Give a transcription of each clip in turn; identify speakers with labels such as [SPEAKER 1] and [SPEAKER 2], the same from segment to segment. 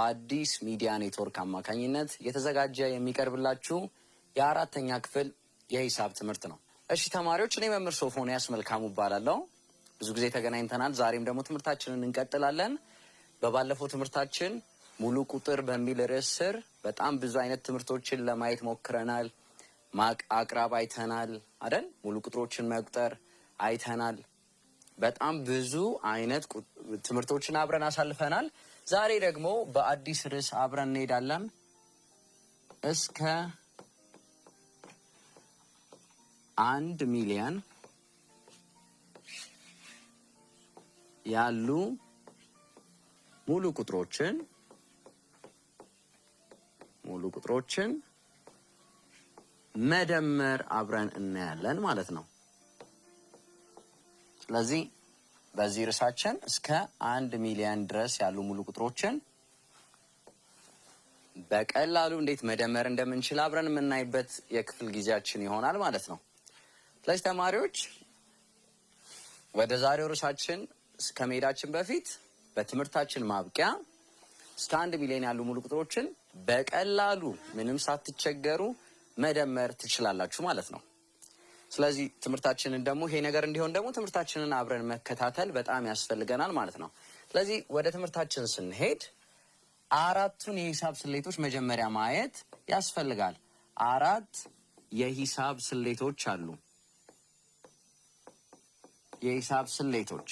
[SPEAKER 1] በአዲስ ሚዲያ ኔትወርክ አማካኝነት የተዘጋጀ የሚቀርብላችሁ የአራተኛ ክፍል የሂሳብ ትምህርት ነው። እሺ ተማሪዎች፣ እኔ መምህር ሶፎንያስ መልካሙ እባላለሁ። ብዙ ጊዜ ተገናኝተናል። ዛሬም ደግሞ ትምህርታችንን እንቀጥላለን። በባለፈው ትምህርታችን ሙሉ ቁጥር በሚል ርዕስ ስር በጣም ብዙ አይነት ትምህርቶችን ለማየት ሞክረናል። አቅራብ አይተናል አይደል? ሙሉ ቁጥሮችን መቁጠር አይተናል። በጣም ብዙ አይነት ትምህርቶችን አብረን አሳልፈናል። ዛሬ ደግሞ በአዲስ ርዕስ አብረን እንሄዳለን። እስከ አንድ ሚሊዮን ያሉ ሙሉ ቁጥሮችን ሙሉ ቁጥሮችን መደመር አብረን እናያለን ማለት ነው። ስለዚህ በዚህ ርዕሳችን እስከ አንድ ሚሊዮን ድረስ ያሉ ሙሉ ቁጥሮችን በቀላሉ እንዴት መደመር እንደምንችል አብረን የምናይበት የክፍል ጊዜያችን ይሆናል ማለት ነው። ስለዚህ ተማሪዎች ወደ ዛሬው ርዕሳችን እስከ መሄዳችን በፊት በትምህርታችን ማብቂያ እስከ አንድ ሚሊዮን ያሉ ሙሉ ቁጥሮችን በቀላሉ ምንም ሳትቸገሩ መደመር ትችላላችሁ ማለት ነው። ስለዚህ ትምህርታችንን ደግሞ ይሄ ነገር እንዲሆን ደግሞ ትምህርታችንን አብረን መከታተል በጣም ያስፈልገናል ማለት ነው። ስለዚህ ወደ ትምህርታችን ስንሄድ አራቱን የሂሳብ ስሌቶች መጀመሪያ ማየት ያስፈልጋል። አራት የሂሳብ ስሌቶች አሉ። የሂሳብ ስሌቶች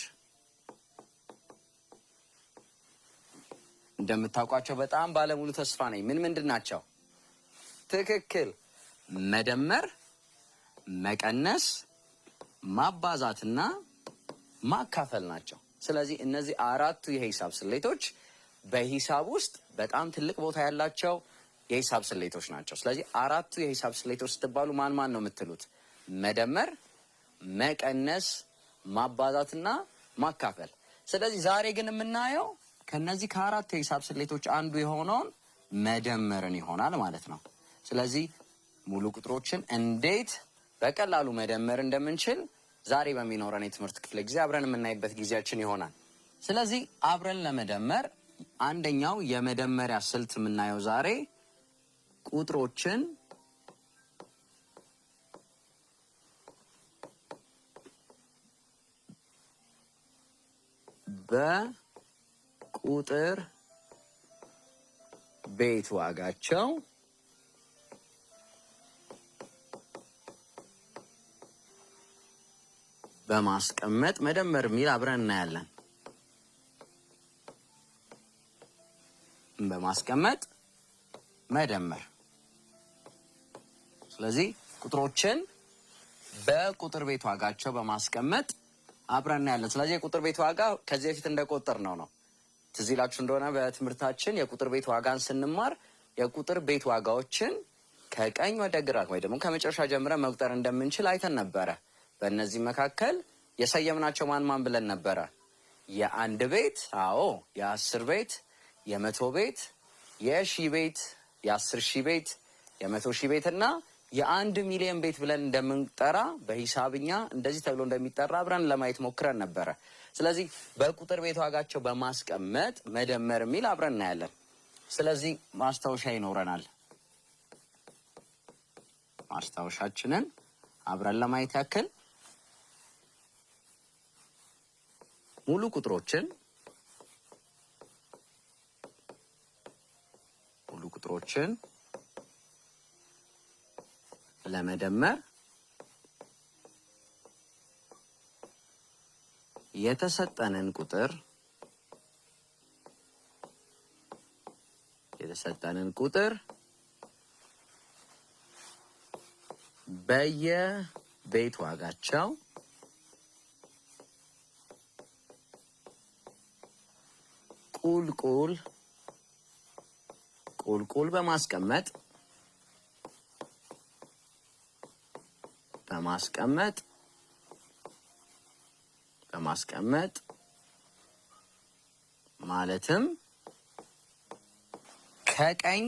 [SPEAKER 1] እንደምታውቋቸው በጣም ባለሙሉ ተስፋ ነኝ። ምን ምንድን ናቸው? ትክክል መደመር መቀነስ፣ ማባዛትና ማካፈል ናቸው። ስለዚህ እነዚህ አራቱ የሂሳብ ስሌቶች በሂሳብ ውስጥ በጣም ትልቅ ቦታ ያላቸው የሂሳብ ስሌቶች ናቸው። ስለዚህ አራቱ የሂሳብ ስሌቶች ስትባሉ ማን ማን ነው የምትሉት? መደመር፣ መቀነስ፣ ማባዛትና ማካፈል። ስለዚህ ዛሬ ግን የምናየው ከነዚህ ከአራቱ የሂሳብ ስሌቶች አንዱ የሆነውን መደመርን ይሆናል ማለት ነው። ስለዚህ ሙሉ ቁጥሮችን እንዴት በቀላሉ መደመር እንደምንችል ዛሬ በሚኖረን የትምህርት ክፍለ ጊዜ አብረን የምናይበት ጊዜያችን ይሆናል። ስለዚህ አብረን ለመደመር አንደኛው የመደመሪያ ስልት የምናየው ዛሬ ቁጥሮችን በቁጥር ቤት ዋጋቸው በማስቀመጥ መደመር የሚል አብረን እናያለን። በማስቀመጥ መደመር። ስለዚህ ቁጥሮችን በቁጥር ቤት ዋጋቸው በማስቀመጥ አብረን እናያለን። ስለዚህ የቁጥር ቤት ዋጋ ከዚህ በፊት እንደቆጠር ነው ነው ትዝ ይላችሁ እንደሆነ በትምህርታችን የቁጥር ቤት ዋጋን ስንማር የቁጥር ቤት ዋጋዎችን ከቀኝ ወደ ግራ ወይ ደግሞ ከመጨረሻ ጀምረን መቁጠር እንደምንችል አይተን ነበረ። በእነዚህ መካከል የሰየምናቸው ማን ማን ብለን ነበረ? የአንድ ቤት አዎ፣ የአስር ቤት፣ የመቶ ቤት፣ የሺ ቤት፣ የአስር ሺ ቤት፣ የመቶ ሺ ቤት እና የአንድ ሚሊዮን ቤት ብለን እንደምንጠራ በሂሳብኛ እንደዚህ ተብሎ እንደሚጠራ አብረን ለማየት ሞክረን ነበረ። ስለዚህ በቁጥር ቤት ዋጋቸው በማስቀመጥ መደመር የሚል አብረን እናያለን። ስለዚህ ማስታወሻ ይኖረናል። ማስታወሻችንን አብረን ለማየት ያክል ሙሉ ቁጥሮችን ሙሉ ቁጥሮችን ለመደመር የተሰጠንን ቁጥር የተሰጠንን ቁጥር በየቤት ዋጋቸው ቁልቁል ቁልቁል በማስቀመጥ በማስቀመጥ በማስቀመጥ ማለትም ከቀኝ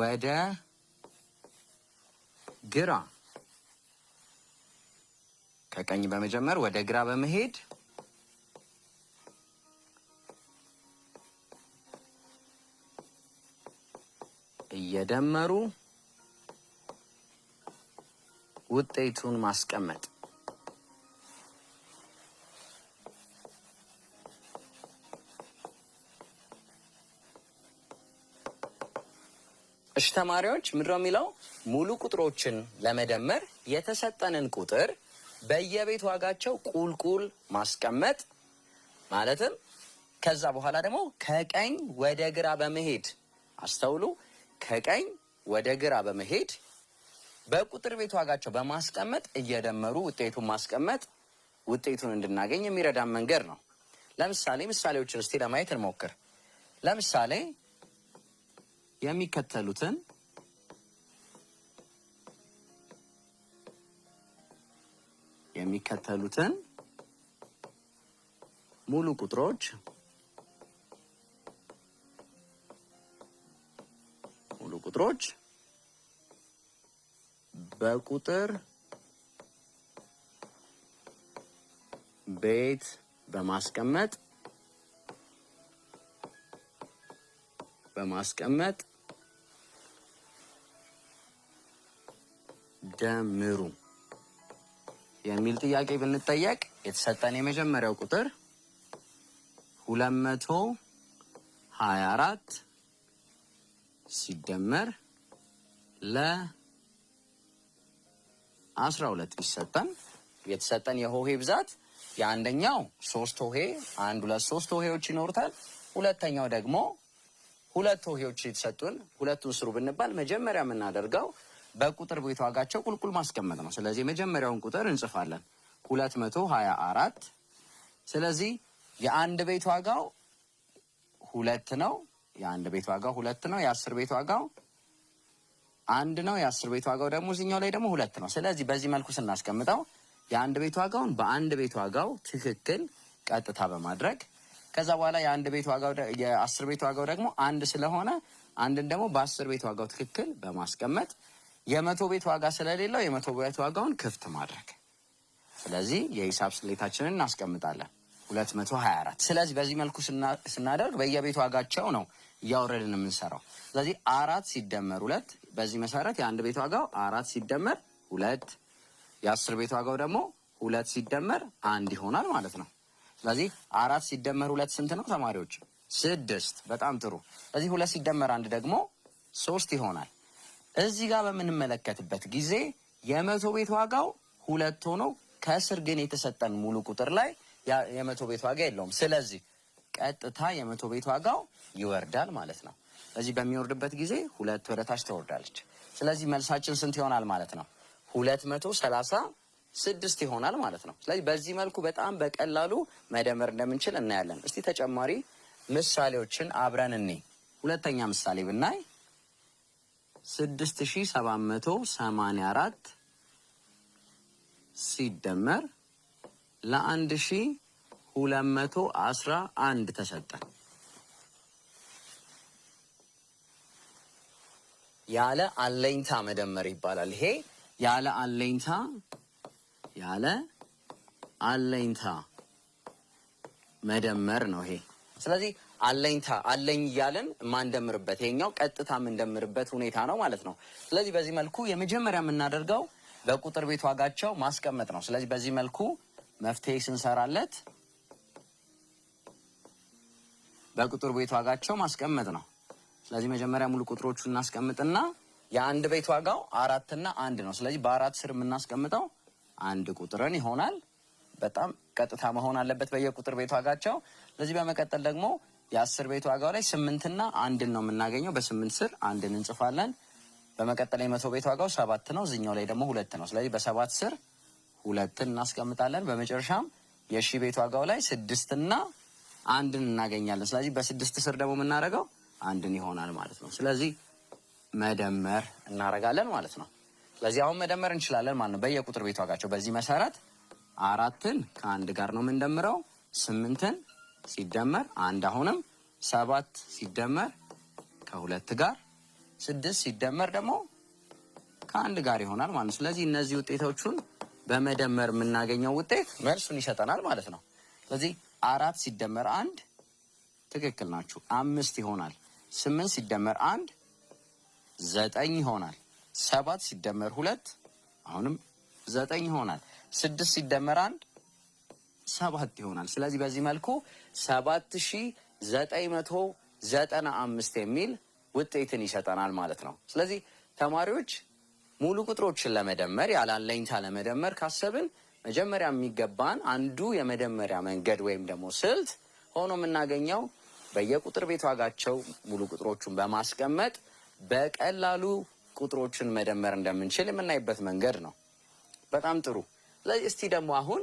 [SPEAKER 1] ወደ ግራ ከቀኝ በመጀመር ወደ ግራ በመሄድ እየደመሩ ውጤቱን ማስቀመጥ እሺ ተማሪዎች ምድረ የሚለው ሙሉ ቁጥሮችን ለመደመር የተሰጠንን ቁጥር በየቤት ዋጋቸው ቁልቁል ማስቀመጥ ማለትም ከዛ በኋላ ደግሞ ከቀኝ ወደ ግራ በመሄድ አስተውሉ። ከቀኝ ወደ ግራ በመሄድ በቁጥር ቤት ዋጋቸው በማስቀመጥ እየደመሩ ውጤቱን ማስቀመጥ ውጤቱን እንድናገኝ የሚረዳን መንገድ ነው። ለምሳሌ ምሳሌዎችን እስቲ ለማየት እንሞክር። ለምሳሌ የሚከተሉትን የሚከተሉትን ሙሉ ቁጥሮች ቁጥሮች በቁጥር ቤት በማስቀመጥ በማስቀመጥ ደምሩ የሚል ጥያቄ ብንጠየቅ የተሰጠን የመጀመሪያው ቁጥር ሁለት መቶ ሀያ አራት ሲደመር ለአስራ ሁለት ቢሰጠን የተሰጠን የሆሄ ብዛት የአንደኛው ሶስት ሆሄ አንድ ሁለት ሶስት ሆሄዎች ይኖሩታል። ሁለተኛው ደግሞ ሁለት ሆሄዎች የተሰጡን ሁለቱን ስሩ ብንባል መጀመሪያ የምናደርገው በቁጥር ቤት ዋጋቸው ቁልቁል ማስቀመጥ ነው። ስለዚህ የመጀመሪያውን ቁጥር እንጽፋለን ሁለት መቶ ሀያ አራት ስለዚህ የአንድ ቤት ዋጋው ሁለት ነው። የአንድ ቤት ዋጋው ሁለት ነው። የአስር ቤት ዋጋው አንድ ነው። የአስር ቤት ዋጋው ደግሞ እዚኛው ላይ ደግሞ ሁለት ነው። ስለዚህ በዚህ መልኩ ስናስቀምጠው የአንድ ቤት ዋጋውን በአንድ ቤት ዋጋው ትክክል ቀጥታ በማድረግ ከዛ በኋላ የአንድ ቤት ዋጋው የአስር ቤት ዋጋው ደግሞ አንድ ስለሆነ አንድን ደግሞ በአስር ቤት ዋጋው ትክክል በማስቀመጥ የመቶ ቤት ዋጋ ስለሌለው የመቶ ቤት ዋጋውን ክፍት ማድረግ። ስለዚህ የሂሳብ ስሌታችንን እናስቀምጣለን 224። ስለዚህ በዚህ መልኩ ስናደርግ በየቤት ዋጋቸው ነው እያወረድን የምንሰራው። ስለዚህ አራት ሲደመር ሁለት፣ በዚህ መሰረት የአንድ ቤት ዋጋው አራት ሲደመር ሁለት፣ የአስር ቤት ዋጋው ደግሞ ሁለት ሲደመር አንድ ይሆናል ማለት ነው። ስለዚህ አራት ሲደመር ሁለት ስንት ነው ተማሪዎች? ስድስት። በጣም ጥሩ። ስለዚህ ሁለት ሲደመር አንድ ደግሞ ሶስት ይሆናል። እዚህ ጋር በምንመለከትበት ጊዜ የመቶ ቤት ዋጋው ሁለት ሆኖ ከስር ግን የተሰጠን ሙሉ ቁጥር ላይ የመቶ ቤት ዋጋ የለውም። ስለዚህ ቀጥታ የመቶ ቤት ዋጋው ይወርዳል ማለት ነው። ስለዚህ በሚወርድበት ጊዜ ሁለት ወደ ታች ትወርዳለች። ስለዚህ መልሳችን ስንት ይሆናል ማለት ነው? ሁለት መቶ ሰላሳ ስድስት ይሆናል ማለት ነው። ስለዚህ በዚህ መልኩ በጣም በቀላሉ መደመር እንደምንችል እናያለን። እስቲ ተጨማሪ ምሳሌዎችን አብረን እኔ ሁለተኛ ምሳሌ ብናይ ስድስት ሺ ሰባት መቶ ሰማንያ አራት ሲደመር ለአንድ ሺ ሁለት መቶ አስራ አንድ ተሰጠ። ያለ አለኝታ መደመር ይባላል። ይሄ ያለ አለኝታ ያለ አለኝታ መደመር ነው ይሄ። ስለዚህ አለኝታ አለኝ እያለን የማንደምርበት ይሄኛው ቀጥታ የምንደምርበት ሁኔታ ነው ማለት ነው። ስለዚህ በዚህ መልኩ የመጀመሪያ የምናደርገው በቁጥር ቤት ዋጋቸው ማስቀመጥ ነው። ስለዚህ በዚህ መልኩ መፍትሄ ስንሰራለት በቁጥር ቤት ዋጋቸው ማስቀመጥ ነው። ስለዚህ መጀመሪያ ሙሉ ቁጥሮቹ እናስቀምጥና የአንድ ቤት ዋጋው አራትና አንድ ነው። ስለዚህ በአራት ስር የምናስቀምጠው አንድ ቁጥርን ይሆናል። በጣም ቀጥታ መሆን አለበት በየቁጥር ቤት ዋጋቸው። ስለዚህ በመቀጠል ደግሞ የአስር ቤት ዋጋው ላይ ስምንትና አንድን ነው የምናገኘው። በስምንት ስር አንድን እንጽፋለን። በመቀጠል የመቶ ቤት ዋጋው ሰባት ነው። እዚኛው ላይ ደግሞ ሁለት ነው። ስለዚህ በሰባት ስር ሁለትን እናስቀምጣለን። በመጨረሻም የሺ ቤት ዋጋው ላይ ስድስትና አንድን እናገኛለን። ስለዚህ በስድስት ስር ደግሞ የምናደርገው አንድን ይሆናል ማለት ነው። ስለዚህ መደመር እናደርጋለን ማለት ነው። ስለዚህ አሁን መደመር እንችላለን ማለት ነው በየቁጥር ቤት ዋጋቸው። በዚህ መሰረት አራትን ከአንድ ጋር ነው የምንደምረው። ስምንትን ሲደመር አንድ፣ አሁንም ሰባት ሲደመር ከሁለት ጋር፣ ስድስት ሲደመር ደግሞ ከአንድ ጋር ይሆናል ማለት ነው። ስለዚህ እነዚህ ውጤቶቹን በመደመር የምናገኘው ውጤት መልሱን ይሰጠናል ማለት ነው። ስለዚህ አራት ሲደመር አንድ ትክክል ናችሁ፣ አምስት ይሆናል። ስምንት ሲደመር አንድ ዘጠኝ ይሆናል። ሰባት ሲደመር ሁለት አሁንም ዘጠኝ ይሆናል። ስድስት ሲደመር አንድ ሰባት ይሆናል። ስለዚህ በዚህ መልኩ ሰባት ሺ ዘጠኝ መቶ ዘጠና አምስት የሚል ውጤትን ይሰጠናል ማለት ነው። ስለዚህ ተማሪዎች ሙሉ ቁጥሮችን ለመደመር ያላለኝታ ለመደመር ካሰብን መጀመሪያ የሚገባን አንዱ የመደመሪያ መንገድ ወይም ደግሞ ስልት ሆኖ የምናገኘው በየቁጥር ቤት ዋጋቸው ሙሉ ቁጥሮቹን በማስቀመጥ በቀላሉ ቁጥሮቹን መደመር እንደምንችል የምናይበት መንገድ ነው። በጣም ጥሩ። ስለዚህ እስቲ ደግሞ አሁን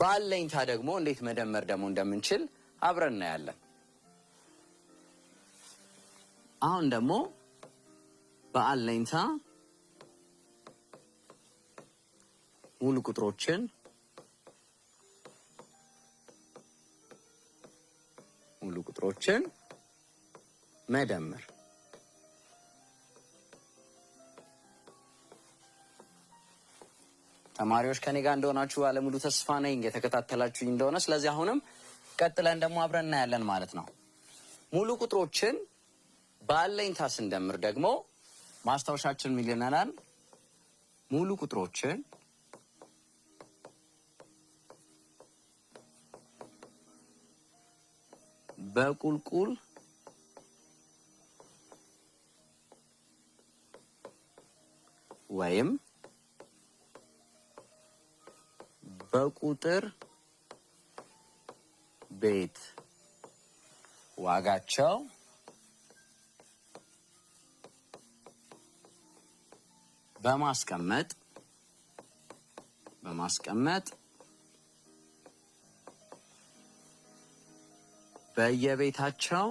[SPEAKER 1] ባለኝታ ደግሞ እንዴት መደመር ደግሞ እንደምንችል አብረን እናያለን። አሁን ደግሞ በአለኝታ ሙሉ ቁጥሮችን ሙሉ ቁጥሮችን መደመር ተማሪዎች ከኔ ጋር እንደሆናችሁ ባለሙሉ ተስፋ ነኝ፣ የተከታተላችሁኝ እንደሆነ። ስለዚህ አሁንም ቀጥለን ደግሞ አብረን እናያለን ማለት ነው። ሙሉ ቁጥሮችን በአለኝታ ስንደምር ደግሞ ማስታወሻችን ምን ይለናል? ሙሉ ቁጥሮችን በቁልቁል ወይም በቁጥር ቤት ዋጋቸው በማስቀመጥ በማስቀመጥ በየቤታቸው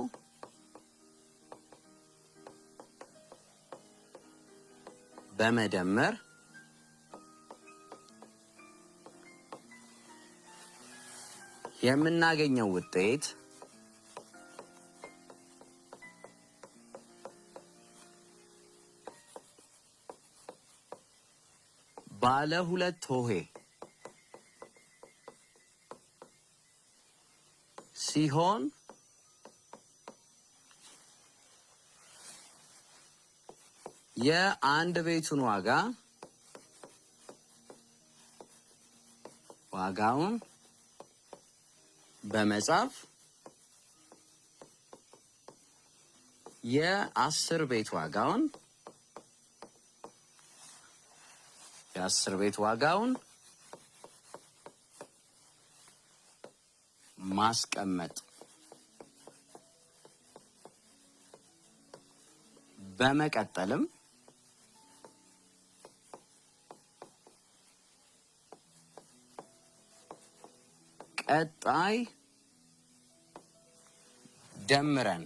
[SPEAKER 1] በመደመር የምናገኘው ውጤት ባለ ሁለት ሆሄ ሲሆን የአንድ ቤቱን ዋጋ ዋጋውን በመጻፍ የአስር ቤት ዋጋውን የአስር ቤት ዋጋውን ማስቀመጥ በመቀጠልም ቀጣይ ደምረን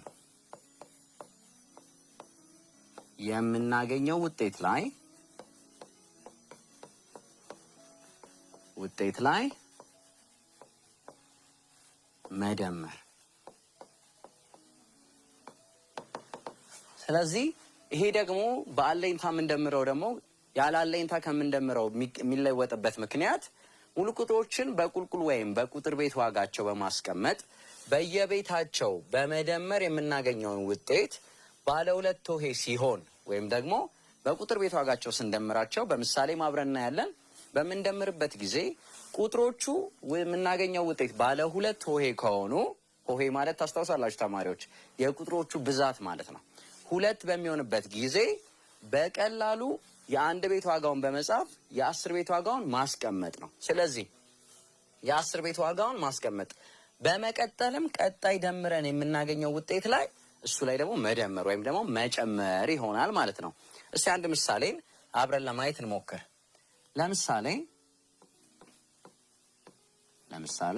[SPEAKER 1] የምናገኘው ውጤት ላይ ውጤት ላይ መደመር። ስለዚህ ይሄ ደግሞ በአለኝታ የምንደምረው ደግሞ ያለ አለኝታ ከምንደምረው የሚለወጥበት ምክንያት ሙሉ ቁጥሮችን በቁልቁል ወይም በቁጥር ቤት ዋጋቸው በማስቀመጥ በየቤታቸው በመደመር የምናገኘውን ውጤት ባለ ሁለት ሲሆን ወይም ደግሞ በቁጥር ቤት ዋጋቸው ስንደምራቸው በምሳሌ ማብረን እናያለን። በምንደምርበት ጊዜ ቁጥሮቹ የምናገኘው ውጤት ባለ ሁለት ሆሄ ከሆኑ ሆሄ ማለት ታስታውሳላችሁ ተማሪዎች የቁጥሮቹ ብዛት ማለት ነው። ሁለት በሚሆንበት ጊዜ በቀላሉ የአንድ ቤት ዋጋውን በመጻፍ የአስር ቤት ዋጋውን ማስቀመጥ ነው። ስለዚህ የአስር ቤት ዋጋውን ማስቀመጥ በመቀጠልም ቀጣይ ደምረን የምናገኘው ውጤት ላይ እሱ ላይ ደግሞ መደመር ወይም ደግሞ መጨመር ይሆናል ማለት ነው። እስቲ አንድ ምሳሌን አብረን ለማየት እንሞክር። ለምሳሌ ለምሳሌ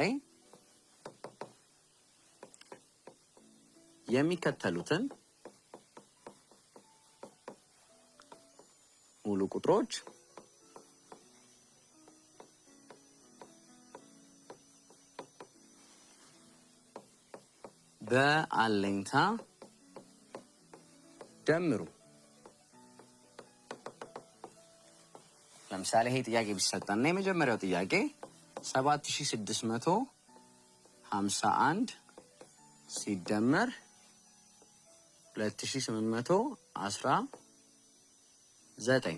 [SPEAKER 1] የሚከተሉትን ሙሉ ቁጥሮች በአለኝታ ደምሩ። ለምሳሌ ይሄ ጥያቄ ቢሰጠና የመጀመሪያው ጥያቄ 7651 ሲደመር 2819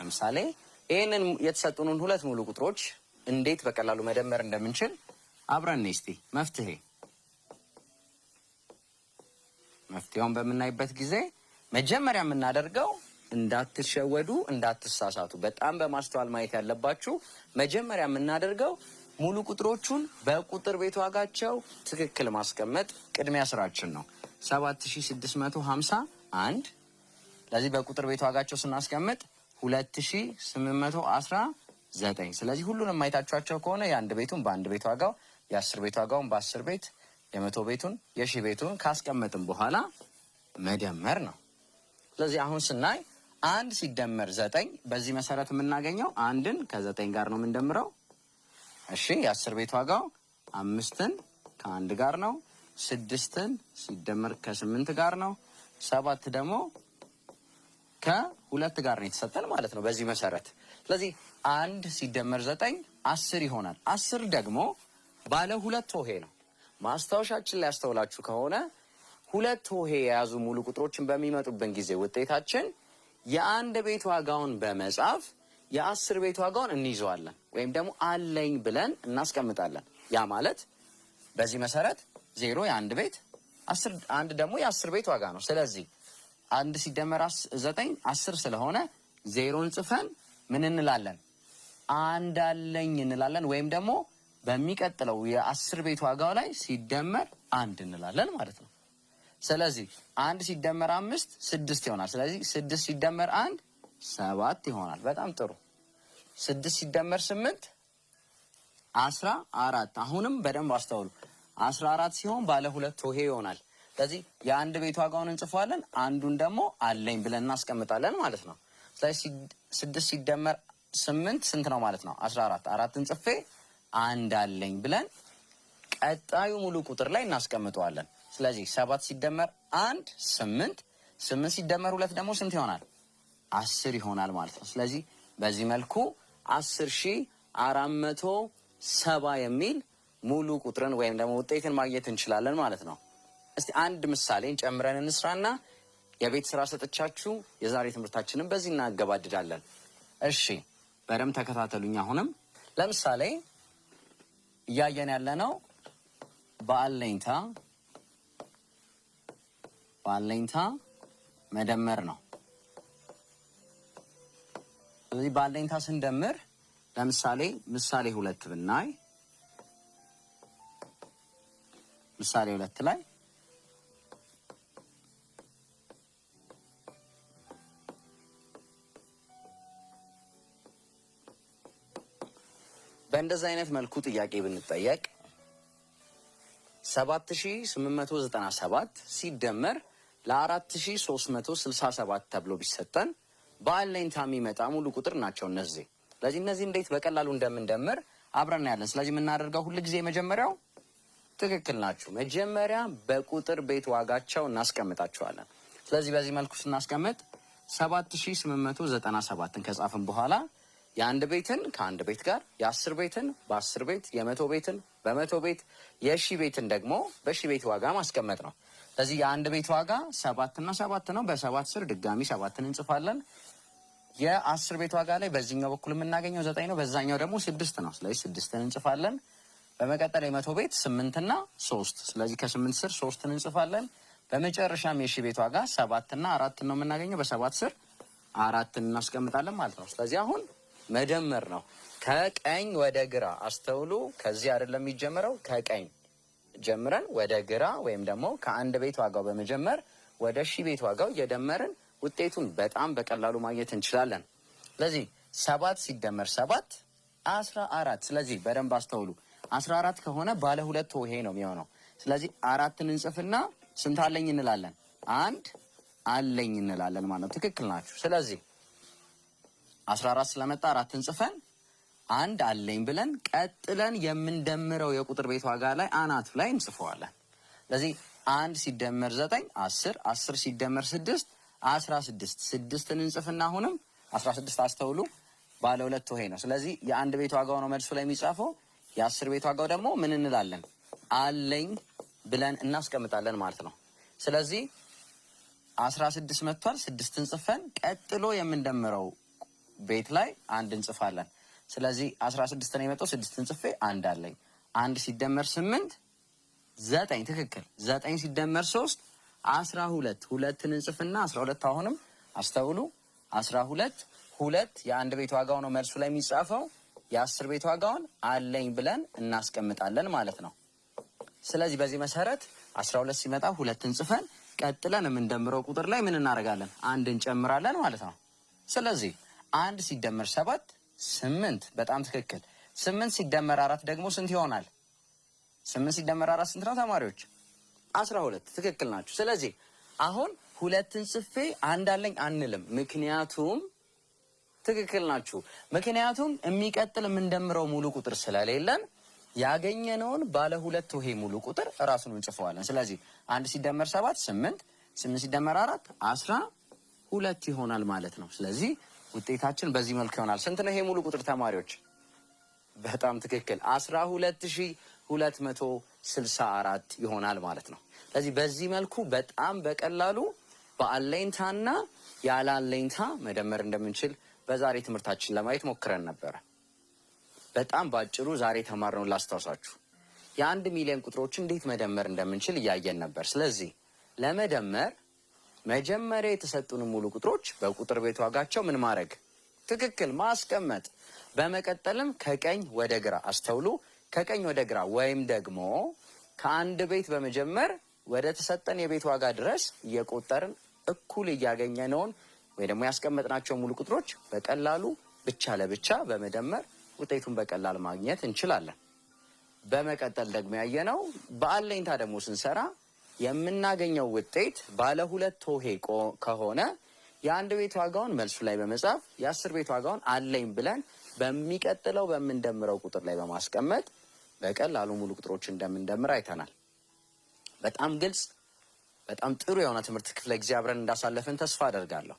[SPEAKER 1] ለምሳሌ ይህንን የተሰጡንን ሁለት ሙሉ ቁጥሮች እንዴት በቀላሉ መደመር እንደምንችል አብረን እስቲ መፍትሄ መፍትሄውን በምናይበት ጊዜ መጀመሪያ የምናደርገው እንዳትሸወዱ፣ እንዳትሳሳቱ በጣም በማስተዋል ማየት ያለባችሁ መጀመሪያ የምናደርገው ሙሉ ቁጥሮቹን በቁጥር ቤት ዋጋቸው ትክክል ማስቀመጥ ቅድሚያ ስራችን ነው። 7651 ለዚህ በቁጥር ቤት ዋጋቸው ስናስቀምጥ 2819 ስለዚህ ሁሉንም ማየታችኋቸው ከሆነ የአንድ ቤቱን በአንድ ቤት ዋጋው የአስር ቤት ዋጋውን በአስር ቤት የመቶ ቤቱን የሺ ቤቱን ካስቀመጥን በኋላ መደመር ነው። ስለዚህ አሁን ስናይ አንድ ሲደመር ዘጠኝ በዚህ መሰረት የምናገኘው አንድን ከዘጠኝ ጋር ነው የምንደምረው። እሺ የአስር ቤት ዋጋው አምስትን ከአንድ ጋር ነው። ስድስትን ሲደመር ከስምንት ጋር ነው። ሰባት ደግሞ ከሁለት ጋር ነው የተሰጠን ማለት ነው በዚህ መሰረት። ስለዚህ አንድ ሲደመር ዘጠኝ አስር ይሆናል። አስር ደግሞ ባለ ሁለት ሆሄ ነው። ማስታወሻችን ላይ ያስተውላችሁ ከሆነ ሁለት ሆሄ የያዙ ሙሉ ቁጥሮችን በሚመጡብን ጊዜ ውጤታችን የአንድ ቤት ዋጋውን በመጻፍ የአስር ቤት ዋጋውን እንይዘዋለን ወይም ደግሞ አለኝ ብለን እናስቀምጣለን። ያ ማለት በዚህ መሰረት ዜሮ የአንድ ቤት አንድ ደግሞ የአስር ቤት ዋጋ ነው። ስለዚህ አንድ ሲደመር ዘጠኝ አስር ስለሆነ ዜሮን ጽፈን ምን እንላለን? አንድ አለኝ እንላለን። ወይም ደግሞ በሚቀጥለው የአስር ቤት ዋጋው ላይ ሲደመር አንድ እንላለን ማለት ነው። ስለዚህ አንድ ሲደመር አምስት ስድስት ይሆናል። ስለዚህ ስድስት ሲደመር አንድ ሰባት ይሆናል። በጣም ጥሩ። ስድስት ሲደመር ስምንት አስራ አራት አሁንም በደንብ አስተውሉ። አስራ አራት ሲሆን ባለ ሁለት ሆሄ ይሆናል። ስለዚህ የአንድ ቤት ዋጋውን እንጽፏለን፣ አንዱን ደግሞ አለኝ ብለን እናስቀምጣለን ማለት ነው። ስለዚህ ስድስት ሲደመር ስምንት ስንት ነው ማለት ነው? አስራ አራት አራትን ጽፌ አንድ አለኝ ብለን ቀጣዩ ሙሉ ቁጥር ላይ እናስቀምጠዋለን። ስለዚህ ሰባት ሲደመር አንድ ስምንት፣ ስምንት ሲደመር ሁለት ደግሞ ስንት ይሆናል? አስር ይሆናል ማለት ነው። ስለዚህ በዚህ መልኩ አስር ሺ አራት መቶ ሰባ የሚል ሙሉ ቁጥርን ወይም ደግሞ ውጤትን ማግኘት እንችላለን ማለት ነው። እስቲ አንድ ምሳሌን ጨምረን እንስራና የቤት ስራ ሰጥቻችሁ የዛሬ ትምህርታችንን በዚህ እናገባድዳለን። እሺ በደም ተከታተሉኝ። አሁንም ለምሳሌ እያየን ያለነው በአለኝታ ባለኝታ መደመር ነው። ስለዚህ ባለኝታ ስንደምር ለምሳሌ ምሳሌ ሁለት ብናይ ምሳሌ ሁለት ላይ በእንደዚህ አይነት መልኩ ጥያቄ ብንጠየቅ ሰባት ሲደመር ለ4367 ተብሎ ቢሰጠን በአለኝታ የሚመጣ ሙሉ ቁጥር ናቸው እነዚህ። ስለዚህ እነዚህ እንዴት በቀላሉ እንደምንደምር አብረን ያለን። ስለዚህ የምናደርገው ሁል ጊዜ መጀመሪያው ትክክል ናችሁ። መጀመሪያ በቁጥር ቤት ዋጋቸው እናስቀምጣቸዋለን። ስለዚህ በዚህ መልኩ ስናስቀምጥ 7897ን ከጻፍን በኋላ የአንድ ቤትን ከአንድ ቤት ጋር የአስር ቤትን በአስር ቤት የመቶ ቤትን በመቶ ቤት የሺ ቤትን ደግሞ በሺ ቤት ዋጋ ማስቀመጥ ነው። ስለዚህ የአንድ ቤት ዋጋ ሰባትና ሰባት ነው። በሰባት ስር ድጋሚ ሰባትን እንጽፋለን። የአስር ቤት ዋጋ ላይ በዚህኛው በኩል የምናገኘው ዘጠኝ ነው፣ በዛኛው ደግሞ ስድስት ነው። ስለዚህ ስድስትን እንጽፋለን። በመቀጠል የመቶ ቤት ስምንትና ሶስት፣ ስለዚህ ከስምንት ስር ሶስትን እንጽፋለን። በመጨረሻም የሺ ቤት ዋጋ ሰባትና አራትን ነው የምናገኘው፣ በሰባት ስር አራትን እናስቀምጣለን ማለት ነው። ስለዚህ አሁን መደመር ነው። ከቀኝ ወደ ግራ አስተውሉ። ከዚህ አይደለም የሚጀምረው ከቀኝ ጀምረን ወደ ግራ ወይም ደግሞ ከአንድ ቤት ዋጋው በመጀመር ወደ ሺህ ቤት ዋጋው እየደመርን ውጤቱን በጣም በቀላሉ ማግኘት እንችላለን። ስለዚህ ሰባት ሲደመር ሰባት አስራ አራት ስለዚህ በደንብ አስተውሉ። አስራ አራት ከሆነ ባለ ሁለት ውሄ ነው የሚሆነው። ስለዚህ አራትን እንጽፍና ስንት አለኝ እንላለን? አንድ አለኝ እንላለን ማለት ነው። ትክክል ናችሁ። ስለዚህ አስራ አራት ስለመጣ አራትን እንጽፈን? አንድ አለኝ ብለን ቀጥለን የምንደምረው የቁጥር ቤት ዋጋ ላይ አናት ላይ እንጽፈዋለን። ስለዚህ አንድ ሲደመር ዘጠኝ አስር አስር ሲደመር ስድስት አስራ ስድስት ስድስትን እንጽፍና አሁንም አስራ ስድስት አስተውሉ ባለ ሁለት ውሄ ነው። ስለዚህ የአንድ ቤት ዋጋው ነው መልሱ ላይ የሚጻፈው። የአስር ቤት ዋጋው ደግሞ ምን እንላለን? አለኝ ብለን እናስቀምጣለን ማለት ነው። ስለዚህ አስራ ስድስት መጥቷል። ስድስትን ጽፈን ቀጥሎ የምንደምረው ቤት ላይ አንድ እንጽፋለን። ስለዚህ አስራ ስድስት ነው የመጣው። ስድስትን ጽፌ አንድ አለኝ። አንድ ሲደመር ስምንት ዘጠኝ። ትክክል። ዘጠኝ ሲደመር ሶስት አስራ ሁለት ሁለትን እንጽፍና አስራ ሁለት አሁንም አስተውሉ። አስራ ሁለት ሁለት የአንድ ቤት ዋጋው ነው መልሱ ላይ የሚጻፈው። የአስር ቤት ዋጋውን አለኝ ብለን እናስቀምጣለን ማለት ነው። ስለዚህ በዚህ መሰረት አስራ ሁለት ሲመጣ ሁለት እንጽፈን ቀጥለን የምንደምረው ቁጥር ላይ ምን እናደርጋለን? አንድ እንጨምራለን ማለት ነው። ስለዚህ አንድ ሲደመር ሰባት ስምንት በጣም ትክክል። ስምንት ሲደመር አራት ደግሞ ስንት ይሆናል? ስምንት ሲደመር አራት ስንት ነው ተማሪዎች? አስራ ሁለት ትክክል ናቸው። ስለዚህ አሁን ሁለትን ጽፌ አንድ አለኝ አንልም። ምክንያቱም ትክክል ናችሁ። ምክንያቱም የሚቀጥል የምንደምረው ሙሉ ቁጥር ስለሌለን ያገኘነውን ባለ ሁለት ውሄ ሙሉ ቁጥር እራሱን እንጽፈዋለን። ስለዚህ አንድ ሲደመር ሰባት ስምንት፣ ስምንት ሲደመር አራት አስራ ሁለት ይሆናል ማለት ነው። ስለዚህ ውጤታችን በዚህ መልክ ይሆናል። ስንት ነው ይሄ ሙሉ ቁጥር ተማሪዎች? በጣም ትክክል አስራ ሁለት ሁለት መቶ ስልሳ አራት ይሆናል ማለት ነው። ስለዚህ በዚህ መልኩ በጣም በቀላሉ በአለኝታና ያለ አለኝታ መደመር እንደምንችል በዛሬ ትምህርታችን ለማየት ሞክረን ነበረ። በጣም በአጭሩ ዛሬ ተማርነውን ላስታውሳችሁ። የአንድ ሚሊዮን ቁጥሮች እንዴት መደመር እንደምንችል እያየን ነበር። ስለዚህ ለመደመር መጀመሪያ የተሰጡን ሙሉ ቁጥሮች በቁጥር ቤት ዋጋቸው ምን ማድረግ ትክክል ማስቀመጥ። በመቀጠልም ከቀኝ ወደ ግራ አስተውሉ። ከቀኝ ወደ ግራ ወይም ደግሞ ከአንድ ቤት በመጀመር ወደ ተሰጠን የቤት ዋጋ ድረስ እየቆጠርን እኩል እያገኘነውን ወይ ደግሞ ያስቀመጥናቸው ሙሉ ቁጥሮች በቀላሉ ብቻ ለብቻ በመደመር ውጤቱን በቀላል ማግኘት እንችላለን። በመቀጠል ደግሞ ያየነው በአለኝታ ደግሞ ስንሰራ የምናገኘው ውጤት ባለ ሁለት ሆሄ ከሆነ የአንድ ቤት ዋጋውን መልሱ ላይ በመጻፍ የአስር ቤት ዋጋውን አለኝ ብለን በሚቀጥለው በምንደምረው ቁጥር ላይ በማስቀመጥ በቀላሉ ሙሉ ቁጥሮች እንደምንደምር አይተናል። በጣም ግልጽ፣ በጣም ጥሩ የሆነ ትምህርት ክፍለ ጊዜ አብረን እንዳሳለፍን ተስፋ አደርጋለሁ።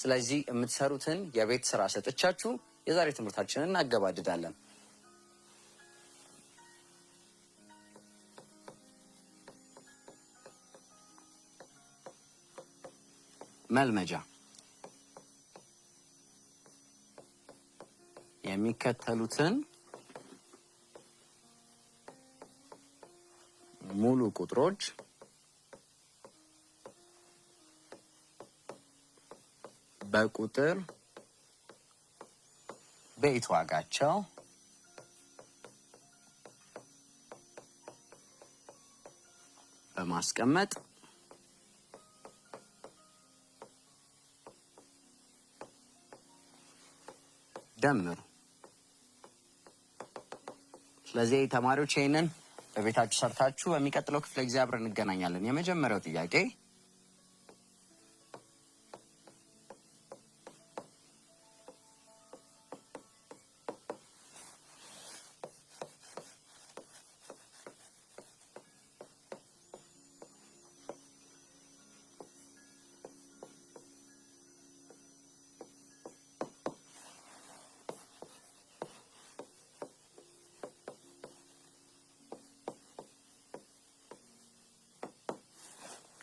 [SPEAKER 1] ስለዚህ የምትሰሩትን የቤት ስራ ሰጥቻችሁ የዛሬ ትምህርታችንን እናገባድዳለን። መልመጃ የሚከተሉትን ሙሉ ቁጥሮች በቁጥር ቤት ዋጋቸው በማስቀመጥ ደምሩ። ስለዚህ ተማሪዎች ይህንን በቤታችሁ ሰርታችሁ በሚቀጥለው ክፍለ ጊዜ አብረን እንገናኛለን። የመጀመሪያው ጥያቄ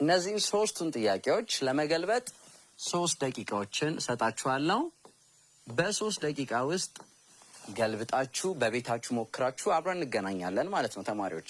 [SPEAKER 1] እነዚህን ሶስቱን ጥያቄዎች ለመገልበጥ ሶስት ደቂቃዎችን እሰጣችኋለሁ። በሶስት ደቂቃ ውስጥ ገልብጣችሁ በቤታችሁ ሞክራችሁ አብረን እንገናኛለን ማለት ነው ተማሪዎች።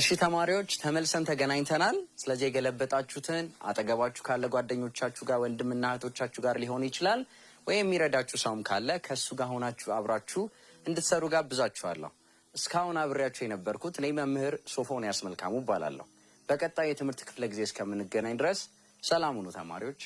[SPEAKER 1] እሺ ተማሪዎች ተመልሰን ተገናኝተናል። ስለዚህ የገለበጣችሁትን አጠገባችሁ ካለ ጓደኞቻችሁ ጋር ወንድምና እህቶቻችሁ ጋር ሊሆን ይችላል ወይም የሚረዳችሁ ሰውም ካለ ከእሱ ጋር ሆናችሁ አብራችሁ እንድትሰሩ ጋብዛችኋለሁ። እስካሁን አብሬያችሁ የነበርኩት እኔ መምህር ሶፎን ያስመልካሙ እባላለሁ። በቀጣይ የትምህርት ክፍለ ጊዜ እስከምንገናኝ ድረስ ሰላም ሁኑ ተማሪዎች።